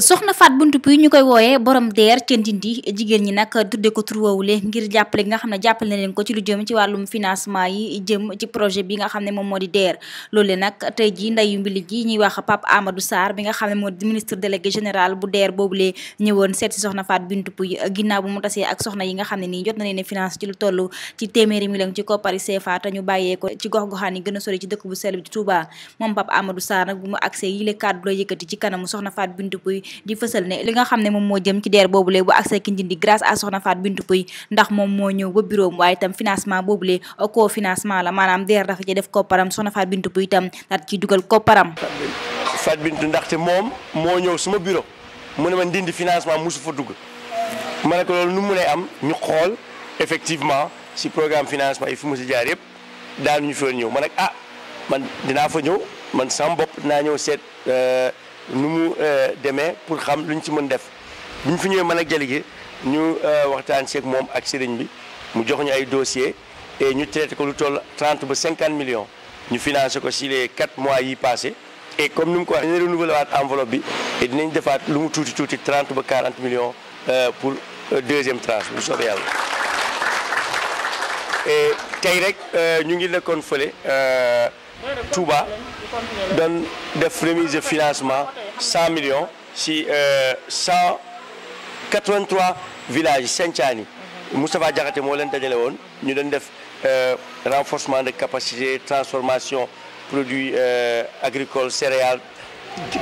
soxna Fatou Bintou Pouye ñu koy wooyee borom deer ca Ndindi jigéen ñi nag tudde ko tur woowule ngir jàppale nga xam ne jàppale na leen ko ci lu jëm ci wàllum financement yi jëm ci xam ne moom moo di deer loolu nag tey jii ndeyu mbili ji ñuy wax Pape Amadou Sarr bi nga xam ne moo di bu deer boobulee ñëwoon seet si soxna Fatou Bintou Pouye ginnaaw bu mu tasee ak soxna yi nga xam ne nii jot na leen finance ci lu toll ci téeméeri million ci koppari CFA te ñu bàyyee ko ci gox-goxaan yi gën a sori ci dëkk bu sell bi di Touba moom Pape Amadou Sarr nag bu mu accès yi le cadre la yëkkati bi di fësal ne li nga xam ne moom moo jëm ci deer boobulee bu accès Kindindi grâce à Soxna Faat Bintou Pouy ndax moom moo ñëw ba bureau am waaye itam financement boobulee koo mu ne ma ndindi financement mosu fa dugg ma ne ko loolu nu mu lay am ñu xool effectivement si programme financement yi fi mu si jaar yëpp daal ñu fa ñëw ma ne ah man dinaa fa ñëw man sama bopp dinaa ñëw seet euh, nu mu euh, demee pour xam lu ñu ci mën def bu ñu fi ñëwee mën a délégué ñu euh, waxtaan seeg moom ak sëriñ bi mu jox ñu ay dossier et ñu traité ko lu toll 30 ba 50 millions ñu financé ko si les 4 mois yi passé et comme ni mu ko wax waxee dinañ renouvelé waat enveloppe bi et dinañ defaat lu mu tuuti tuuti 30 ba 40 millions euh, pour deuxième tranche bu soobee yàlla. tey rek ñu ngi lekkoon fële Touba doon def remise de financement. 100 millions si 183 village Senthiane yi mhm. Moustapha Diakhaté moo leen dajale woon ñu doon def euh, renforcement de capacité transformation produits euh, agricoles céréales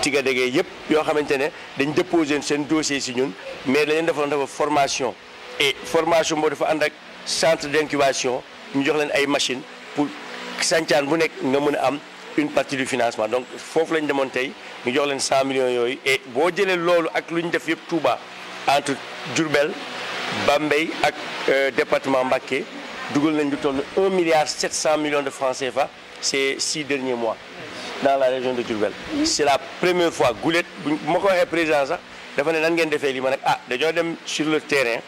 tigadege yëpp yoo xamante ne dañ déposé seen dossier si ñun mais dañ leen defoon dafa formation et formation boo dafa ànd ak centre d' incubation ñu jox leen ay machine pour Senthiane bu nekk nga mën a am une partie du financement donc foofu lañu demoon tey ñu jox leen 100 yooyu et boo jëlee loolu ak lu ñu def yëpp Touba entre Diourbel Bambey ak euh, departement Mbacké dugal nañ lu toll 1 milliard 700 millions de francs CFA ces six derniers mois dans la région de Diourbel. Mm-hmm. c'est la première fois gulet bu ma ko waxee président sax dafa ne nan ngeen defee li ma nag ah dañoo dem sur le terrain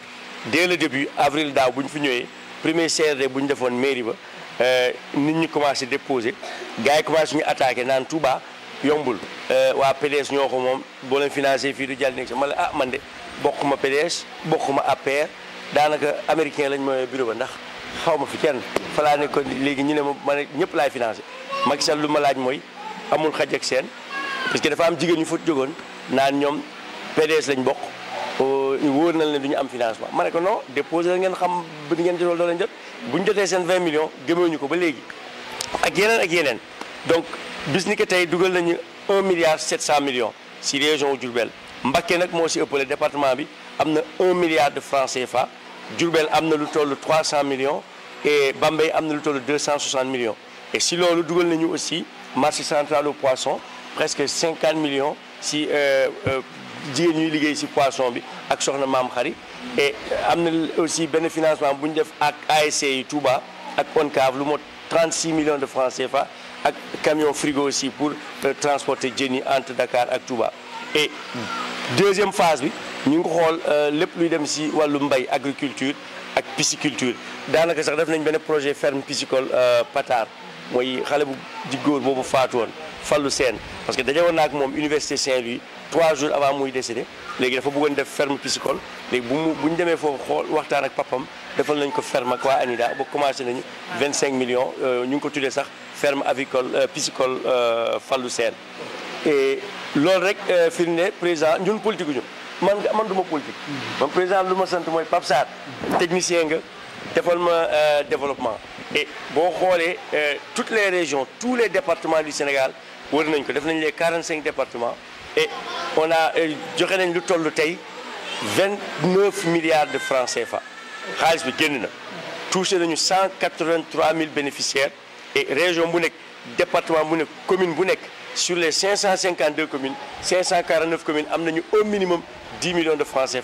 dès le début avril daaw bu ñu fi ñëwee premier CRD bu ñu defoon mairie ba. Euh, nit ñi commencé déposé gars yi commencé suñu attaqué naan Touba yombul. Euh, waa PDS ñoo ko moom boo leen financé fii du jàll nekk sax ma la ah man de bokkuma PDS bokkuma APR daanaka américain lañ mooy bureau ba ndax xaw ma fi kenn. fa ne ko léegi ñu ne ma ma ñëpp laay financé Macky Sall lu ma laaj mooy amul xaj seen parce que dafa am jigéen ñu fa jógoon naan ñoom PDS lañ bokk. ñu wóor na leen du ñu am financement ma ne ko non déposé ngeen xam di ngeen jotol doo leen jot bu ñu jotee seen 20 millions gëmewuñu ko ba léegi ak yeneen ak yeneen donc bis ni tey dugal nañu 1 milliard 700 million si région Diourbel Mbacké nag moo si ëppale département bi am na 1 milliard de francs fa Diourbel am na lu toll 300 millions et Bambey am na lu toll 260 millions et si loolu dugal nañu aussi marché central au poisson presque 50 millions si euh, euh, jigéen ñuy liggéey si poisson bi ak soxna maam xari et am na aussi benn financement bu ñu def ak ASC yi Touba ak ONCAV lu mot 36 millions de francs fa ak camion frigo aussi pour euh, transporter jën yi entre Dakar ak Touba et deuxième phase bi ñu ngi xool euh, lépp luy dem si wàllu mbay agriculture ak pisciculture daanaka sax def nañ benn projet ferme piscicole euh, Patar mooy xale bu góor boobu faatu woon Fallou seen parce que daje woon naa ak moom Université Saint-Louis trois jours avant muy décédé léegi dafa buggoon def ferm piscicole léegi bu mu bu ñu demee foofu xool waxtaan ak papam defal nañ ko ferme ak waa ANIDA boo commencé nañu 25 millions euh, ñu ngi ko tuddee sax ferme avicole euh, piscicole euh, Fallou Sène et loolu rek firnde président ñun politique ñu man man du ma politique man président lu ma sant mooy Pape Sarr technicien nga defal ma développement et boo xoolee toutes les régions tous les départements du Sénégal wër nañ ko def nañ les 45 départements et on a euh, joxe nañ lu toll tey vingt neuf milliards de francs fa xaalis bu génn na touché nañu cent quatre vingt trois mille bénéficiaires et région bu nekk département bu nekk commune bu nekk sur les cinq cent cinquante deux communes cinq cent quarante neuf communes am nañu au minimum dix millions de francs ki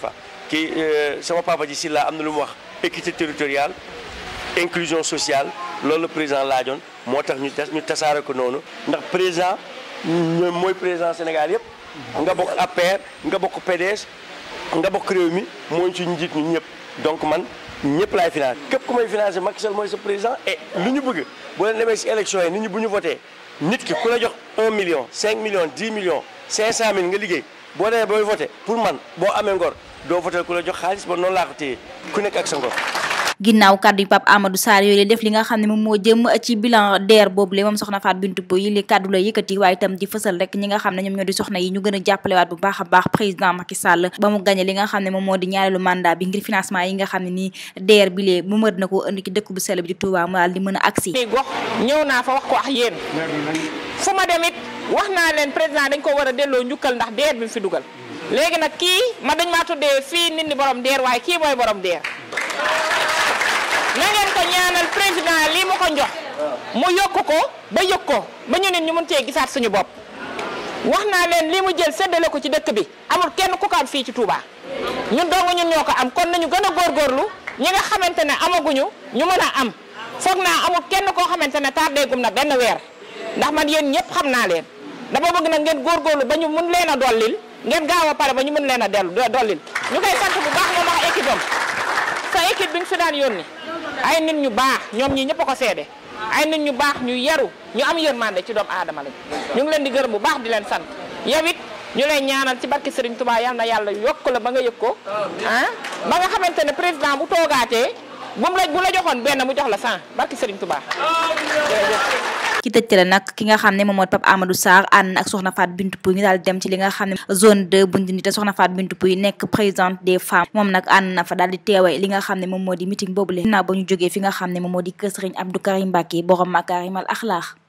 kii euh, sama papa ji si la am na lu mu wax équité territoriale inclusion sociale loolu la président laajoon moo tax ñu tasaare ko noonu ndax président mooy président Sénégal yëpp. nga bokk APR nga bokk PDS nga bokk réew mi mooñ ci njiit ñun ñëpp donc man ñëpp laay financé képp ku may financé Macky Sall mooy sa président et lu ñu bëgg boo leen demee si élection yi nit ñi bu ñu voté nit ki ku la jox 1 million 5 millions 10 millions 500 mille nga liggéey boo demee booy voté pour man boo amee ngor doo voté ku la jox xaalis ba noonu laa ku nekk ak sa ngor ginnaaw kàddu yu Pape Amadou Sarr yooyu def li nga xam ne moom moo jëm ci bilan DER boobu le moom soxna Fatou Bintou Boye li kàddu la yëkkati waaye itam di fësal rek ñi nga xam ne ñoom ñoo di soxna yi ñu gën a jàppalewaat bu baax a baax président Macky Sall ba mu gagné li nga xam ne moom moo di ñaareelu mandat bi ngir financement yi nga xam ne nii DER bi lee mu mër na ko indi ci dëkk bu sell bi di Touba mu daal di mën a agsi ñëw naa fa wax ko ak yéen fu a delloo njukkal ñaanal président lii mu ko jox mu yokk ko ba yëg ko ba ñu nit ñu mën cee gisaat suñu bopp wax naa leen lii mu jël séddale ko ci dëkk bi amul kenn ku ko am fii ci Touba ñun dong ñun ñoo ko am kon nañu gën a góorgóorlu ñi nga xamante ne amaguñu ñu mën a am foog naa amul kenn koo xamante ne tardegum na benn weer ndax man yéen ñëpp xam naa leen dama bëgg nag ngeen góorgóorlu ba ñu mun leen a dollil ngeen gaaw a pare ba ñu mun leen a dellu dollil ñu koy sant que équipe bi ñu fi daan yónni ay nit ñu baax ñoom ñii ñëpp a ko seede ay nit ñu baax ñu yaru ñu am yërmande ci doomu aadama lañ ñu ngi leen di gërëm bu baax di leen sant yow ñu lay ñaanal ci barki Serigne Touba yal na yàlla yokk la ba nga yëg ko ah ba nga xamante ne président bu toogaatee bu mu la bu la joxoon benn mu jox la cent barki Serigne Touba ki tëj la nag ki nga xam ne moom mooy Pape Amadou Sarr ànd ak Soxna Fatou Bintou Pouye ñu daal dem ci li nga xam ne zone 2 bu Ndindi te Soxna Fatou Bintou Pouye nekk présidente des femmes moom nag ànd na fa daal di teewee li nga xam ne moom moo di meeting boobule ginnaaw ba ñu jógee fi nga xam ne moom moo di kër Serigne Abdou Karim Mbacké borom Makarimal Akhlaq